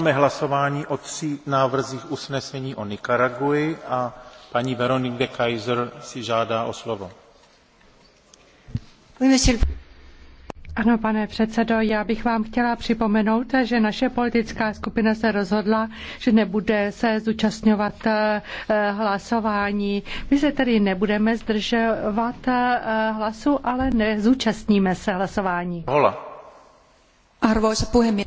Máme hlasování o tří návrzích usnesení o Nikaraguji a paní Veronique de Kaiser si žádá o slovo. Ano, pane předsedo, já bych vám chtěla připomenout, že naše politická skupina se rozhodla, že nebude se zúčastňovat eh, hlasování. My se tedy nebudeme zdržovat eh, hlasu, ale nezúčastníme se hlasování. Hola. Arvoisa puhemies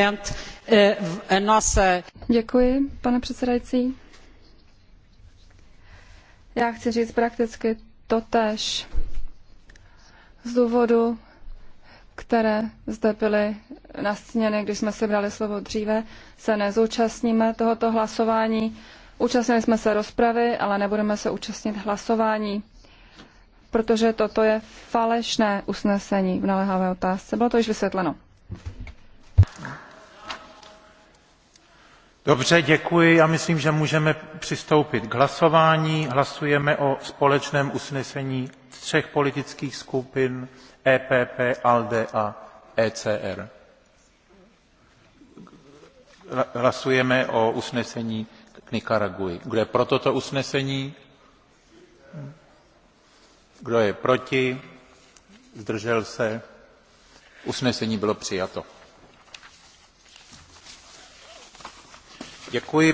E, e, Děkuji, pane předsedající. Já chci říct prakticky totéž z důvodu, které zde byly nastíněny, když jsme si brali slovo dříve, se nezúčastníme tohoto hlasování. Účastnili jsme se rozpravy, ale nebudeme se účastnit hlasování, protože toto je falešné usnesení v naléhavé otázce. Bylo to již vysvětleno. Dobře, děkuji. Já myslím, že můžeme přistoupit k hlasování. Hlasujeme o společném usnesení třech politických skupin EPP, ALDE a ECR. Hlasujeme o usnesení k Nikaraguji. Kdo je pro toto usnesení? Kdo je proti? Zdržel se? Usnesení bylo přijato.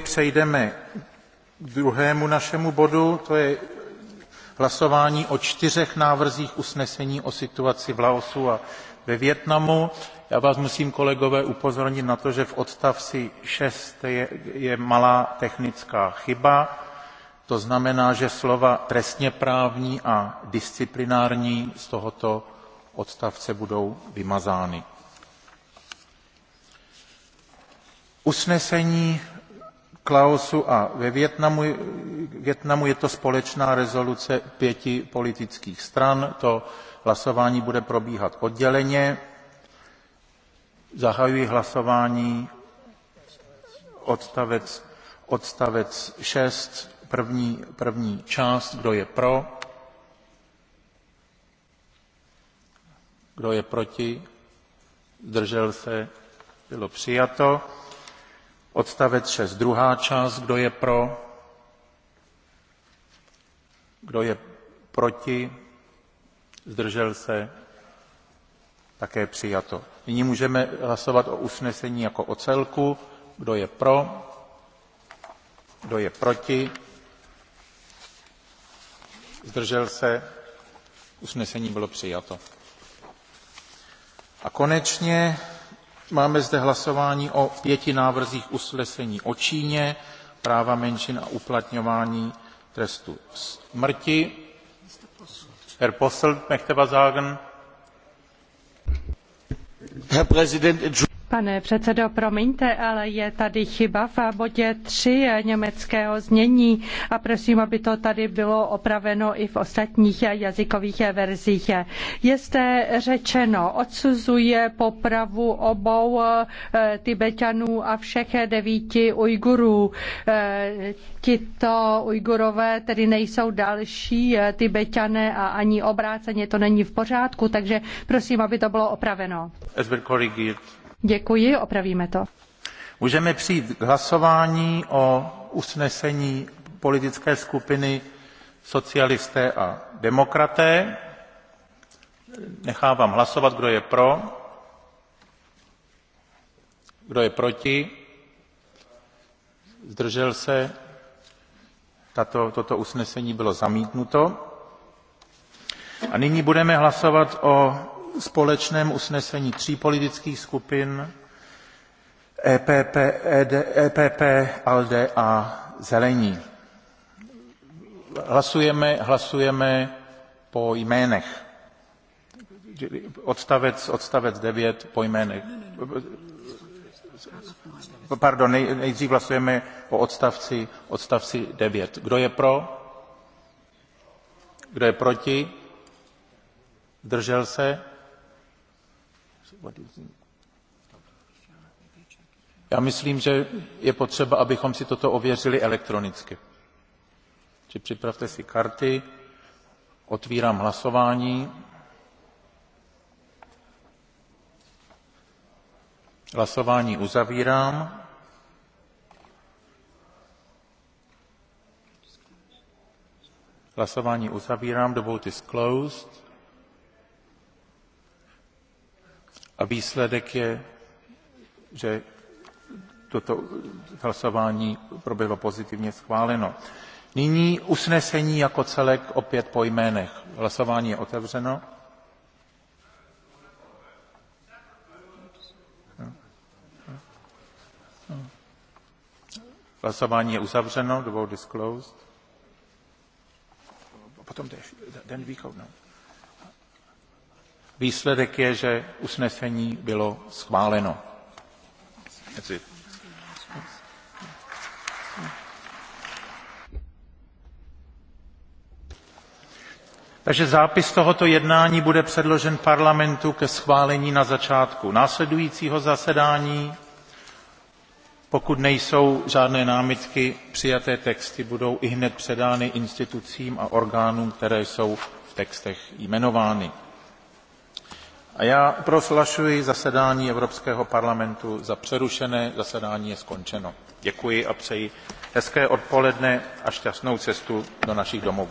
Přejdeme k druhému našemu bodu, to je hlasování o čtyřech návrzích usnesení o situaci v Laosu a ve Vietnamu. Já vás musím, kolegové, upozornit na to, že v odstavci šest je, malá technická chyba. To znamená, že slova trestněprávní a disciplinární z tohoto odstavce budou vymazány. Usnesení Laosu a ve Větnamu, Větnamu je to společná rezoluce pěti politických stran. To hlasování bude probíhat odděleně. Zahajuji hlasování odstavec, odstavec 6, první, první část. Kdo je pro? Kdo je proti? Zdržel se? Bylo přijato. Odstavec 6, druhá část, kdo je pro? Kdo je proti? Zdržel se? Také přijato. Nyní můžeme hlasovat o usnesení jako o celku. Kdo je pro? Kdo je proti? Zdržel se? Usnesení bylo přijato. A konečně Máme zde hlasování o pěti návrzích usnesení o Číně, práva menšin a uplatňování trestu smrti. Herr Posselt, möchte was sagen? Herr Präsident, Pane předsedo, promiňte, ale je tady chyba v bodě 3 německého znění a prosím, aby to tady bylo opraveno i v ostatních jazykových verzích. Je zde řečeno, odsuzuje popravu obou eh, Tibetanů a všech devíti Ujgurů. Eh, tito Ujgurové tedy nejsou další eh, Tibetané a ani obráceně to není v pořádku, takže prosím, aby to bylo opraveno. Děkuji, opravíme to. Můžeme přijít k hlasování o usnesení politické skupiny socialisté a demokraté. Nechávám hlasovat, kdo je pro, kdo je proti, zdržel se, Tato, toto usnesení bylo zamítnuto. A nyní budeme hlasovat o společném usnesení tří politických skupin EPP, ED, EPP ALDE a Zelení. Hlasujeme, hlasujeme po jménech. Odstavec, odstavec 9 po jménech. Pardon, nejdřív hlasujeme o odstavci, odstavci 9. Kdo je pro? Kdo je proti? Držel se? Já myslím, že je potřeba, abychom si toto ověřili elektronicky. Či připravte si karty, otvírám hlasování. Hlasování uzavírám. Hlasování uzavírám. The vote is closed. A výsledek je, že toto hlasování proběhlo pozitivně schváleno. Nyní usnesení jako celek opět po jménech. Hlasování je otevřeno. Hlasování je uzavřeno. The vote is closed. Potom den východ. No. Výsledek je, že usnesení bylo schváleno. Takže zápis tohoto jednání bude předložen parlamentu ke schválení na začátku následujícího zasedání. Pokud nejsou žádné námitky, přijaté texty budou ihned předány institucím a orgánům, které jsou v textech jmenovány. A já prohlašuji zasedání Evropského parlamentu za přerušené. Zasedání je skončeno. Děkuji a přeji hezké odpoledne a šťastnou cestu do našich domovů.